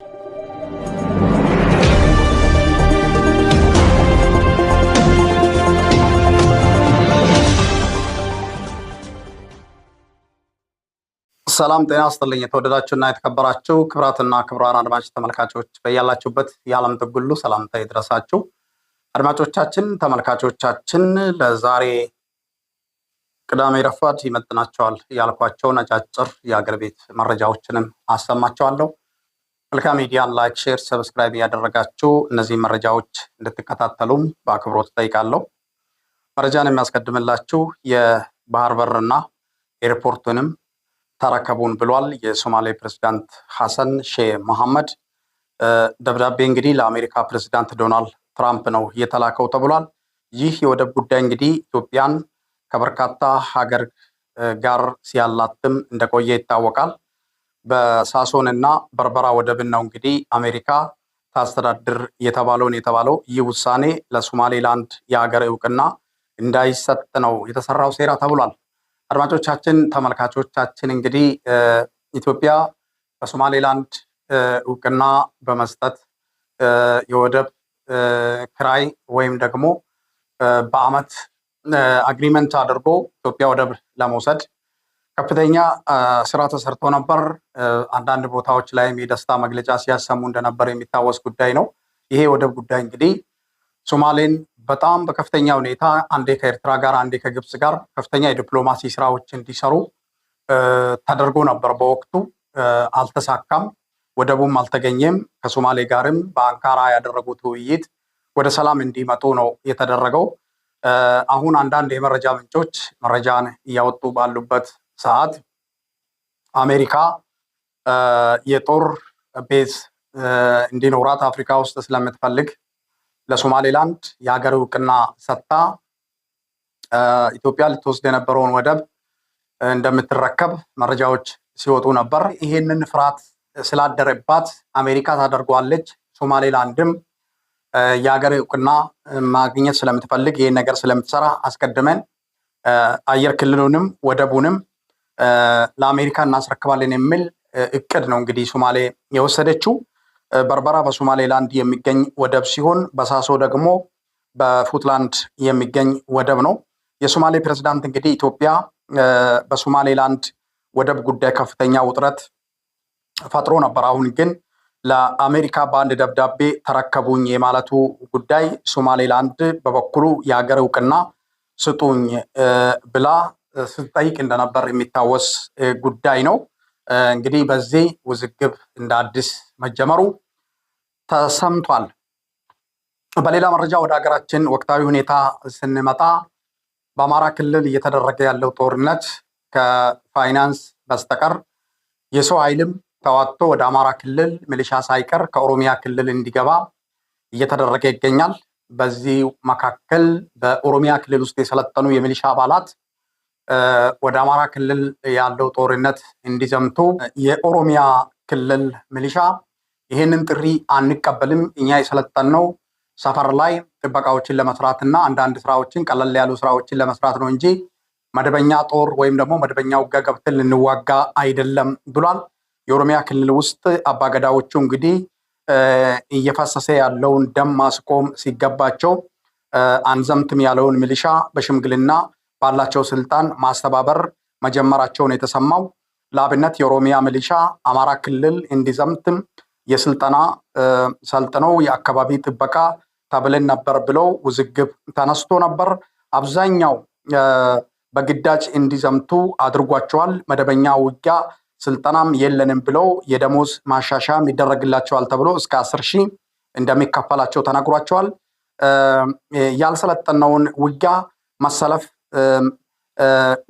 ሰላም ጤና ይስጥልኝ። የተወደዳችሁና የተከበራችሁ ክብራትና ክብራን አድማጭ ተመልካቾች በያላችሁበት የዓለም ጥግ ሁሉ ሰላምታ ይድረሳችሁ። አድማጮቻችን፣ ተመልካቾቻችን ለዛሬ ቅዳሜ ረፋድ ይመጥናቸዋል ያልኳቸውን አጫጭር የአገር ቤት መረጃዎችንም አሰማቸዋለሁ። መልካም ሚዲያ ላይክ፣ ሼር፣ ሰብስክራይብ ያደረጋችሁ እነዚህ መረጃዎች እንድትከታተሉም በአክብሮት ጠይቃለሁ። መረጃን የሚያስቀድምላችሁ የባህር በርና ኤርፖርቱንም ተረከቡን ብሏል የሶማሌ ፕሬዚዳንት ሐሰን ሼህ መሐመድ። ደብዳቤ እንግዲህ ለአሜሪካ ፕሬዚዳንት ዶናልድ ትራምፕ ነው የተላከው ተብሏል። ይህ የወደብ ጉዳይ እንግዲህ ኢትዮጵያን ከበርካታ ሀገር ጋር ሲያላትም እንደቆየ ይታወቃል። በሳሶን እና በርበራ ወደብን ነው እንግዲህ አሜሪካ ታስተዳድር የተባለውን የተባለው ይህ ውሳኔ ለሶማሌላንድ የሀገር እውቅና እንዳይሰጥ ነው የተሰራው ሴራ ተብሏል። አድማጮቻችን፣ ተመልካቾቻችን እንግዲህ ኢትዮጵያ በሶማሌላንድ እውቅና በመስጠት የወደብ ክራይ ወይም ደግሞ በአመት አግሪመንት አድርጎ ኢትዮጵያ ወደብ ለመውሰድ ከፍተኛ ስራ ተሰርቶ ነበር። አንዳንድ ቦታዎች ላይም የደስታ መግለጫ ሲያሰሙ እንደነበር የሚታወስ ጉዳይ ነው። ይሄ ወደብ ጉዳይ እንግዲህ ሶማሌን በጣም በከፍተኛ ሁኔታ አንዴ ከኤርትራ ጋር አንዴ ከግብፅ ጋር ከፍተኛ የዲፕሎማሲ ስራዎች እንዲሰሩ ተደርጎ ነበር። በወቅቱ አልተሳካም፣ ወደቡም አልተገኘም። ከሶማሌ ጋርም በአንካራ ያደረጉት ውይይት ወደ ሰላም እንዲመጡ ነው የተደረገው። አሁን አንዳንድ የመረጃ ምንጮች መረጃን እያወጡ ባሉበት ሰዓት አሜሪካ የጦር ቤዝ እንዲኖራት አፍሪካ ውስጥ ስለምትፈልግ ለሶማሌላንድ የሀገር እውቅና ሰጥታ ኢትዮጵያ ልትወስድ የነበረውን ወደብ እንደምትረከብ መረጃዎች ሲወጡ ነበር። ይሄንን ፍርሃት ስላደረባት አሜሪካ ታደርጓለች፣ ሶማሌላንድም የሀገር እውቅና ማግኘት ስለምትፈልግ ይህን ነገር ስለምትሰራ አስቀድመን አየር ክልሉንም ወደቡንም ለአሜሪካ እናስረክባለን የሚል እቅድ ነው እንግዲህ ሶማሌ የወሰደችው። በርበራ በሶማሌላንድ የሚገኝ ወደብ ሲሆን በሳሶ ደግሞ በፉትላንድ የሚገኝ ወደብ ነው። የሶማሌ ፕሬዚዳንት እንግዲህ ኢትዮጵያ በሶማሌላንድ ወደብ ጉዳይ ከፍተኛ ውጥረት ፈጥሮ ነበር። አሁን ግን ለአሜሪካ በአንድ ደብዳቤ ተረከቡኝ የማለቱ ጉዳይ ሶማሌላንድ በበኩሉ የሀገር እውቅና ስጡኝ ብላ ስትጠይቅ እንደነበር የሚታወስ ጉዳይ ነው። እንግዲህ በዚህ ውዝግብ እንደ አዲስ መጀመሩ ተሰምቷል። በሌላ መረጃ ወደ ሀገራችን ወቅታዊ ሁኔታ ስንመጣ በአማራ ክልል እየተደረገ ያለው ጦርነት ከፋይናንስ በስተቀር የሰው ኃይልም ተዋጥቶ ወደ አማራ ክልል ሚሊሻ ሳይቀር ከኦሮሚያ ክልል እንዲገባ እየተደረገ ይገኛል። በዚህ መካከል በኦሮሚያ ክልል ውስጥ የሰለጠኑ የሚሊሻ አባላት ወደ አማራ ክልል ያለው ጦርነት እንዲዘምቱ የኦሮሚያ ክልል ሚሊሻ ይህንን ጥሪ አንቀበልም፣ እኛ የሰለጠንነው ሰፈር ላይ ጥበቃዎችን ለመስራት አንዳንድ ስራዎችን ቀለል ያሉ ስራዎችን ለመስራት ነው እንጂ መደበኛ ጦር ወይም ደግሞ መደበኛ ውጋ ገብተን ልንዋጋ አይደለም ብሏል። የኦሮሚያ ክልል ውስጥ አባገዳዎቹ እንግዲህ እየፈሰሰ ያለውን ደም ማስቆም ሲገባቸው አንዘምትም ያለውን ሚሊሻ በሽምግልና ባላቸው ስልጣን ማስተባበር መጀመራቸውን የተሰማው ለአብነት የኦሮሚያ ሚሊሻ አማራ ክልል እንዲዘምት የስልጠና ሰልጥነው የአካባቢ ጥበቃ ተብለን ነበር ብለው ውዝግብ ተነስቶ ነበር። አብዛኛው በግዳጅ እንዲዘምቱ አድርጓቸዋል። መደበኛ ውጊያ ስልጠናም የለንም ብለው የደሞዝ ማሻሻያም ይደረግላቸዋል ተብሎ እስከ አስር ሺህ እንደሚከፈላቸው ተነግሯቸዋል። ያልሰለጠነውን ውጊያ መሰለፍ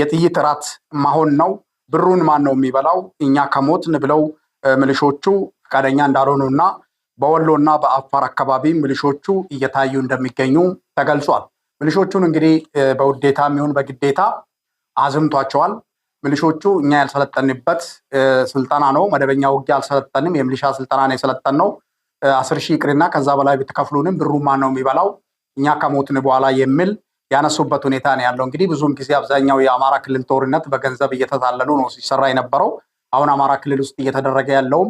የጥይት እራት ማሆን ነው። ብሩን ማን ነው የሚበላው? እኛ ከሞትን ብለው ምልሾቹ ፈቃደኛ እንዳልሆኑ እና በወሎና በአፋር አካባቢ ሚሊሾቹ እየታዩ እንደሚገኙ ተገልጿል። ምልሾቹን እንግዲህ በውዴታ የሚሆን በግዴታ አዝምቷቸዋል። ምልሾቹ እኛ ያልሰለጠንበት ስልጠና ነው። መደበኛ ውጊያ አልሰለጠንም። የምልሻ ስልጠና ነው የሰለጠን ነው። አስር ሺህ ይቅርና ከዛ በላይ ብትከፍሉንም ብሩ ማን ነው የሚበላው እኛ ከሞትን በኋላ የሚል ያነሱበት ሁኔታ ነው ያለው። እንግዲህ ብዙም ጊዜ አብዛኛው የአማራ ክልል ጦርነት በገንዘብ እየተታለሉ ነው ሲሰራ የነበረው። አሁን አማራ ክልል ውስጥ እየተደረገ ያለውም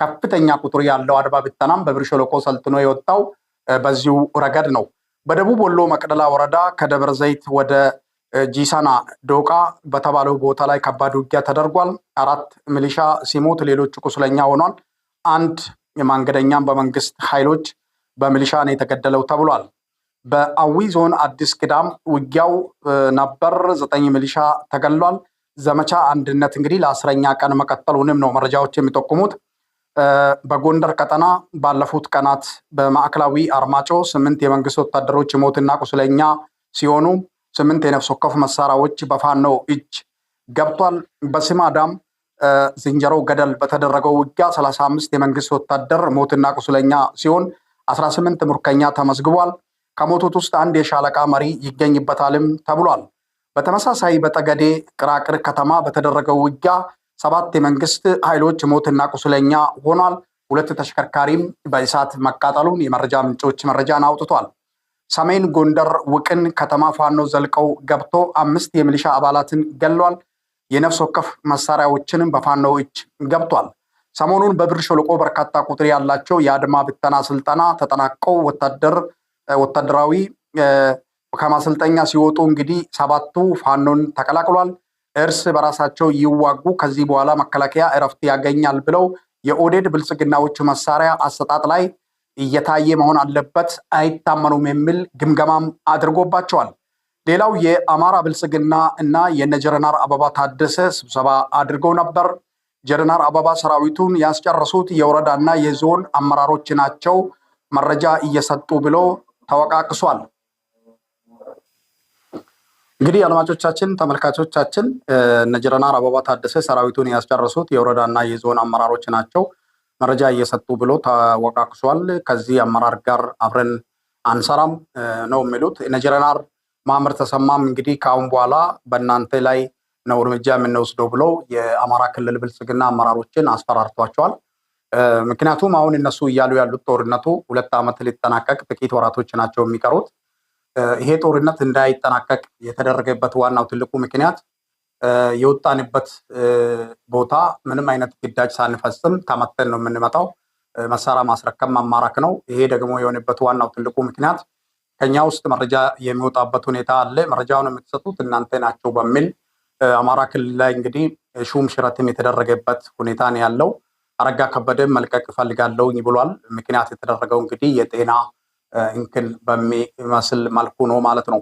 ከፍተኛ ቁጥር ያለው አድባ ብተናም በብር ሸለቆ ሰልጥኖ የወጣው በዚሁ ረገድ ነው። በደቡብ ወሎ መቅደላ ወረዳ ከደብረ ዘይት ወደ ጂሰና ዶቃ በተባለው ቦታ ላይ ከባድ ውጊያ ተደርጓል። አራት ሚሊሻ ሲሞት ሌሎች ቁስለኛ ሆኗል። አንድ የማንገደኛም በመንግስት ኃይሎች በሚሊሻ ነው የተገደለው ተብሏል። በአዊ ዞን አዲስ ቅዳም ውጊያው ነበር። ዘጠኝ ሚሊሻ ተገሏል። ዘመቻ አንድነት እንግዲህ ለአስረኛ ቀን መቀጠሉንም ነው መረጃዎች የሚጠቁሙት። በጎንደር ቀጠና ባለፉት ቀናት በማዕከላዊ አርማጮ ስምንት የመንግስት ወታደሮች ሞትና ቁስለኛ ሲሆኑ ስምንት የነፍስ ወከፍ መሳሪያዎች በፋኖ እጅ ገብቷል። በስማዳም ዝንጀሮ ገደል በተደረገው ውጊያ ሰላሳ አምስት የመንግስት ወታደር ሞትና ቁስለኛ ሲሆን አስራ ስምንት ምርኮኛ ተመዝግቧል። ከሞቱት ውስጥ አንድ የሻለቃ መሪ ይገኝበታልም ተብሏል። በተመሳሳይ በጠገዴ ቅራቅር ከተማ በተደረገው ውጊያ ሰባት የመንግስት ኃይሎች ሞትና ቁስለኛ ሆኗል። ሁለት ተሽከርካሪም በእሳት መቃጠሉን የመረጃ ምንጮች መረጃን አውጥቷል። ሰሜን ጎንደር ውቅን ከተማ ፋኖ ዘልቀው ገብቶ አምስት የሚሊሻ አባላትን ገሏል። የነፍስ ወከፍ መሳሪያዎችንም በፋኖ እጅ ገብቷል። ሰሞኑን በብር ሸለቆ በርካታ ቁጥር ያላቸው የአድማ ብተና ስልጠና ተጠናቀው ወታደር ወታደራዊ ከማሰልጠኛ ሲወጡ እንግዲህ ሰባቱ ፋኖን ተቀላቅሏል። እርስ በራሳቸው ይዋጉ፣ ከዚህ በኋላ መከላከያ እረፍት ያገኛል ብለው የኦዴድ ብልጽግናዎቹ መሳሪያ አሰጣጥ ላይ እየታየ መሆን አለበት፣ አይታመኑም የሚል ግምገማም አድርጎባቸዋል። ሌላው የአማራ ብልጽግና እና የነ ጀረናር አበባ ታደሰ ስብሰባ አድርገው ነበር። ጀረናር አበባ ሰራዊቱን ያስጨረሱት የወረዳና የዞን አመራሮች ናቸው መረጃ እየሰጡ ብሎ ተወቃቅሷል። እንግዲህ አድማጮቻችን፣ ተመልካቾቻችን እነ ጀነራል አበባ ታደሰ ሰራዊቱን ያስጨረሱት የወረዳና የዞን አመራሮች ናቸው መረጃ እየሰጡ ብሎ ተወቃቅሷል። ከዚህ አመራር ጋር አብረን አንሰራም ነው የሚሉት እነ ጀነራል ማምር ተሰማም እንግዲህ ከአሁን በኋላ በእናንተ ላይ ነው እርምጃ የምንወስደው ብለው የአማራ ክልል ብልጽግና አመራሮችን አስፈራርቷቸዋል። ምክንያቱም አሁን እነሱ እያሉ ያሉት ጦርነቱ ሁለት ዓመት ሊጠናቀቅ ጥቂት ወራቶች ናቸው የሚቀሩት። ይሄ ጦርነት እንዳይጠናቀቅ የተደረገበት ዋናው ትልቁ ምክንያት የወጣንበት ቦታ ምንም አይነት ግዳጅ ሳንፈጽም ተመተን ነው የምንመጣው። መሳሪያ ማስረከብ ማማራክ ነው። ይሄ ደግሞ የሆነበት ዋናው ትልቁ ምክንያት ከኛ ውስጥ መረጃ የሚወጣበት ሁኔታ አለ። መረጃውን የምትሰጡት እናንተ ናቸው በሚል አማራ ክልል ላይ እንግዲህ ሹም ሽረትም የተደረገበት ሁኔታ ነው ያለው። አረጋ ከበደ መልቀቅ እፈልጋለሁ ብሏል። ምክንያት የተደረገው እንግዲህ የጤና እንክን በሚመስል መልኩ ነው ማለት ነው።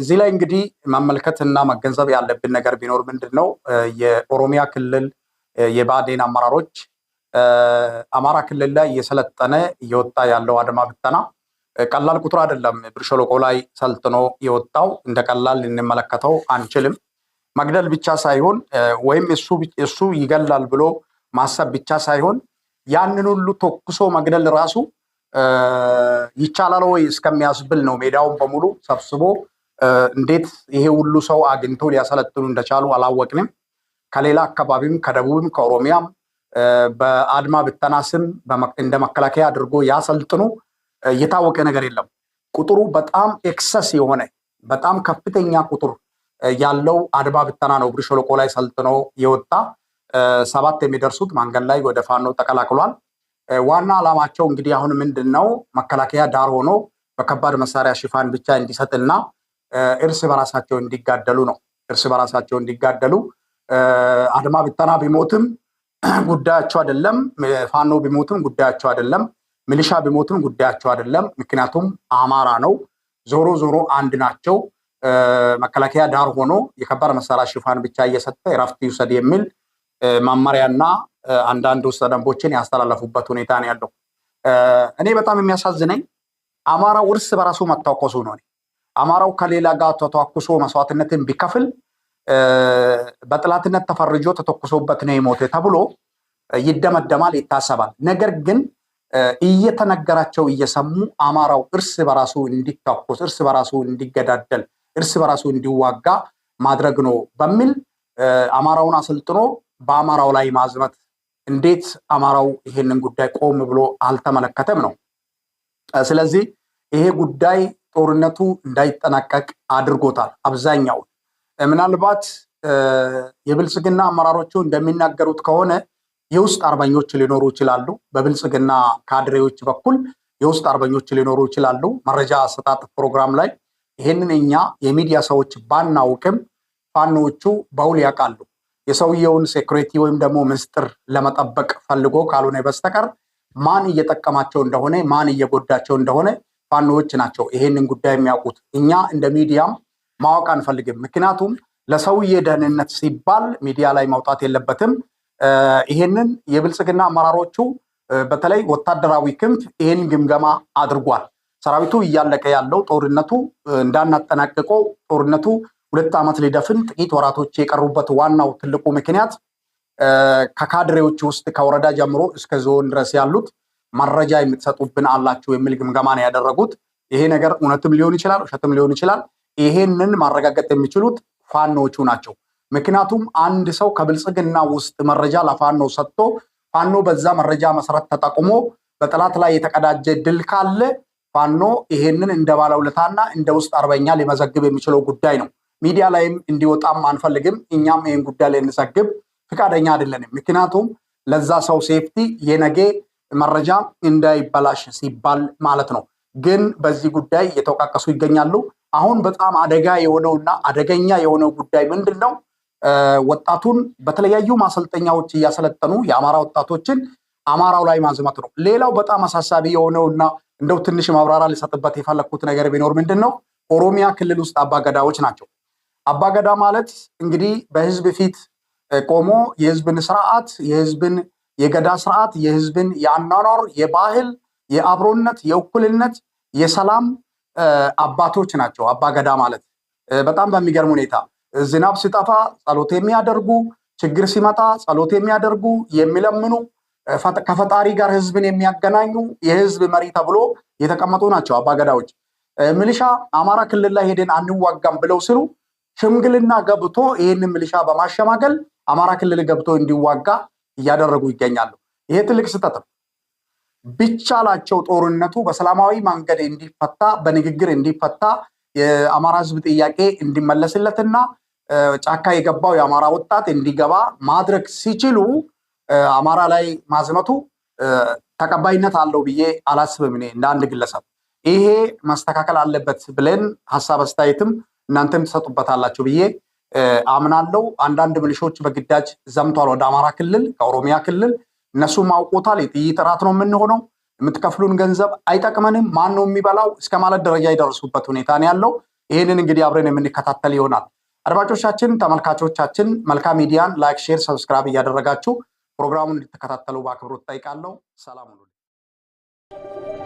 እዚህ ላይ እንግዲህ መመልከትና መገንዘብ ያለብን ነገር ቢኖር ምንድን ነው የኦሮሚያ ክልል የባዴን አመራሮች አማራ ክልል ላይ እየሰለጠነ እየወጣ ያለው አድማ ብተና ቀላል ቁጥር አይደለም። ብር ሸለቆ ላይ ሰልጥኖ የወጣው እንደ ቀላል ልንመለከተው አንችልም። መግደል ብቻ ሳይሆን ወይም እሱ ይገላል ብሎ ማሰብ ብቻ ሳይሆን ያንን ሁሉ ተኩሶ መግደል ራሱ ይቻላል ወይ እስከሚያስብል ነው። ሜዳውን በሙሉ ሰብስቦ እንዴት ይሄ ሁሉ ሰው አግኝቶ ሊያሰለጥኑ እንደቻሉ አላወቅንም። ከሌላ አካባቢም ከደቡብም ከኦሮሚያም በአድማ ብተና ስም እንደ መከላከያ አድርጎ ያሰልጥኑ የታወቀ ነገር የለም። ቁጥሩ በጣም ኤክሰስ የሆነ በጣም ከፍተኛ ቁጥር ያለው አድማ ብተና ነው ብር ሸለቆ ላይ ሰልጥኖ የወጣ ሰባት የሚደርሱት ማንገድ ላይ ወደ ፋኖ ተቀላቅሏል። ዋና ዓላማቸው እንግዲህ አሁን ምንድን ነው መከላከያ ዳር ሆኖ በከባድ መሳሪያ ሽፋን ብቻ እንዲሰጥና እርስ በራሳቸው እንዲጋደሉ ነው። እርስ በራሳቸው እንዲጋደሉ አድማ ብተና ቢሞትም ጉዳያቸው አይደለም። ፋኖ ቢሞትም ጉዳያቸው አይደለም። ሚሊሻ ቢሞትም ጉዳያቸው አይደለም። ምክንያቱም አማራ ነው። ዞሮ ዞሮ አንድ ናቸው። መከላከያ ዳር ሆኖ የከባድ መሳሪያ ሽፋን ብቻ እየሰጠ እረፍት ይውሰድ የሚል መመሪያና አንዳንድ ውስጥ ደንቦችን ያስተላለፉበት ሁኔታ ነው ያለው። እኔ በጣም የሚያሳዝነኝ አማራው እርስ በራሱ መታኮሱ ነው። አማራው ከሌላ ጋር ተተኩሶ መስዋዕትነትን ቢከፍል በጥላትነት ተፈርጆ ተተኩሶበት ነው የሞተ ተብሎ ይደመደማል፣ ይታሰባል። ነገር ግን እየተነገራቸው እየሰሙ አማራው እርስ በራሱ እንዲታኮስ፣ እርስ በራሱ እንዲገዳደል፣ እርስ በራሱ እንዲዋጋ ማድረግ ነው በሚል አማራውን አሰልጥኖ በአማራው ላይ ማዝመት እንዴት አማራው ይህንን ጉዳይ ቆም ብሎ አልተመለከተም ነው። ስለዚህ ይሄ ጉዳይ ጦርነቱ እንዳይጠናቀቅ አድርጎታል። አብዛኛውን ምናልባት የብልጽግና አመራሮቹ እንደሚናገሩት ከሆነ የውስጥ አርበኞች ሊኖሩ ይችላሉ። በብልጽግና ካድሬዎች በኩል የውስጥ አርበኞች ሊኖሩ ይችላሉ። መረጃ አሰጣጥ ፕሮግራም ላይ ይህንን እኛ የሚዲያ ሰዎች ባናውቅም ፋኖዎቹ በውል ያውቃሉ። የሰውየውን ሴኩሪቲ ወይም ደግሞ ምስጢር ለመጠበቅ ፈልጎ ካልሆነ በስተቀር ማን እየጠቀማቸው እንደሆነ ማን እየጎዳቸው እንደሆነ ፋኖዎች ናቸው ይሄንን ጉዳይ የሚያውቁት። እኛ እንደ ሚዲያም ማወቅ አንፈልግም። ምክንያቱም ለሰውዬ ደህንነት ሲባል ሚዲያ ላይ መውጣት የለበትም። ይሄንን የብልጽግና አመራሮቹ በተለይ ወታደራዊ ክንፍ ይሄን ግምገማ አድርጓል። ሰራዊቱ እያለቀ ያለው ጦርነቱ እንዳናጠናቅቀው ጦርነቱ ሁለት ዓመት ሊደፍን ጥቂት ወራቶች የቀሩበት ዋናው ትልቁ ምክንያት ከካድሬዎች ውስጥ ከወረዳ ጀምሮ እስከ ዞን ድረስ ያሉት መረጃ የምትሰጡብን አላችሁ የሚል ግምገማ ነው ያደረጉት። ይሄ ነገር እውነትም ሊሆን ይችላል፣ ውሸትም ሊሆን ይችላል። ይሄንን ማረጋገጥ የሚችሉት ፋኖቹ ናቸው። ምክንያቱም አንድ ሰው ከብልጽግና ውስጥ መረጃ ለፋኖ ሰጥቶ ፋኖ በዛ መረጃ መሰረት ተጠቁሞ በጠላት ላይ የተቀዳጀ ድል ካለ ፋኖ ይሄንን እንደ ባለውለታና እንደ ውስጥ አርበኛ ሊመዘግብ የሚችለው ጉዳይ ነው። ሚዲያ ላይም እንዲወጣም አንፈልግም። እኛም ይህን ጉዳይ ላይ እንዘግብ ፍቃደኛ አይደለንም። ምክንያቱም ለዛ ሰው ሴፍቲ የነገ መረጃ እንዳይበላሽ ሲባል ማለት ነው። ግን በዚህ ጉዳይ እየተወቃቀሱ ይገኛሉ። አሁን በጣም አደጋ የሆነውና አደገኛ የሆነው ጉዳይ ምንድን ነው? ወጣቱን በተለያዩ ማሰልጠኛዎች እያሰለጠኑ የአማራ ወጣቶችን አማራው ላይ ማዝመት ነው። ሌላው በጣም አሳሳቢ የሆነውና እንደው ትንሽ ማብራሪያ ሊሰጥበት የፈለግኩት ነገር ቢኖር ምንድን ነው ኦሮሚያ ክልል ውስጥ አባገዳዎች ናቸው። አባገዳ ማለት እንግዲህ በህዝብ ፊት ቆሞ የህዝብን ስርዓት፣ የህዝብን የገዳ ስርዓት፣ የህዝብን የአኗኗር፣ የባህል፣ የአብሮነት፣ የእኩልነት፣ የሰላም አባቶች ናቸው። አባገዳ ማለት በጣም በሚገርም ሁኔታ ዝናብ ሲጠፋ ጸሎት የሚያደርጉ፣ ችግር ሲመጣ ጸሎት የሚያደርጉ፣ የሚለምኑ፣ ከፈጣሪ ጋር ህዝብን የሚያገናኙ የህዝብ መሪ ተብሎ የተቀመጡ ናቸው አባገዳዎች። ሚሊሻ አማራ ክልል ላይ ሄደን አንዋጋም ብለው ሲሉ ሽምግልና ገብቶ ይህን ሚሊሻ በማሸማገል አማራ ክልል ገብቶ እንዲዋጋ እያደረጉ ይገኛሉ። ይሄ ትልቅ ስህተት ነው። ቢቻላቸው ጦርነቱ በሰላማዊ መንገድ እንዲፈታ፣ በንግግር እንዲፈታ፣ የአማራ ህዝብ ጥያቄ እንዲመለስለትና ጫካ የገባው የአማራ ወጣት እንዲገባ ማድረግ ሲችሉ አማራ ላይ ማዝመቱ ተቀባይነት አለው ብዬ አላስብም። እኔ እንደ አንድ ግለሰብ ይሄ መስተካከል አለበት ብለን ሀሳብ አስተያየትም እናንተም ትሰጡበታላችሁ ብዬ አምናለው። አንዳንድ ምልሾች በግዳጅ ዘምቷል ወደ አማራ ክልል ከኦሮሚያ ክልል እነሱ አውቆታል። የጥይት እራት ነው የምንሆነው፣ የምትከፍሉን ገንዘብ አይጠቅመንም፣ ማን ነው የሚበላው እስከ ማለት ደረጃ የደረሱበት ሁኔታ ነው ያለው። ይህንን እንግዲህ አብረን የምንከታተል ይሆናል። አድማጮቻችን፣ ተመልካቾቻችን መልካም ሚዲያን ላይክ፣ ሼር፣ ሰብስክራይብ እያደረጋችሁ ፕሮግራሙን እንድትከታተሉ በአክብሮት ጠይቃለሁ። ሰላም ሁኑ።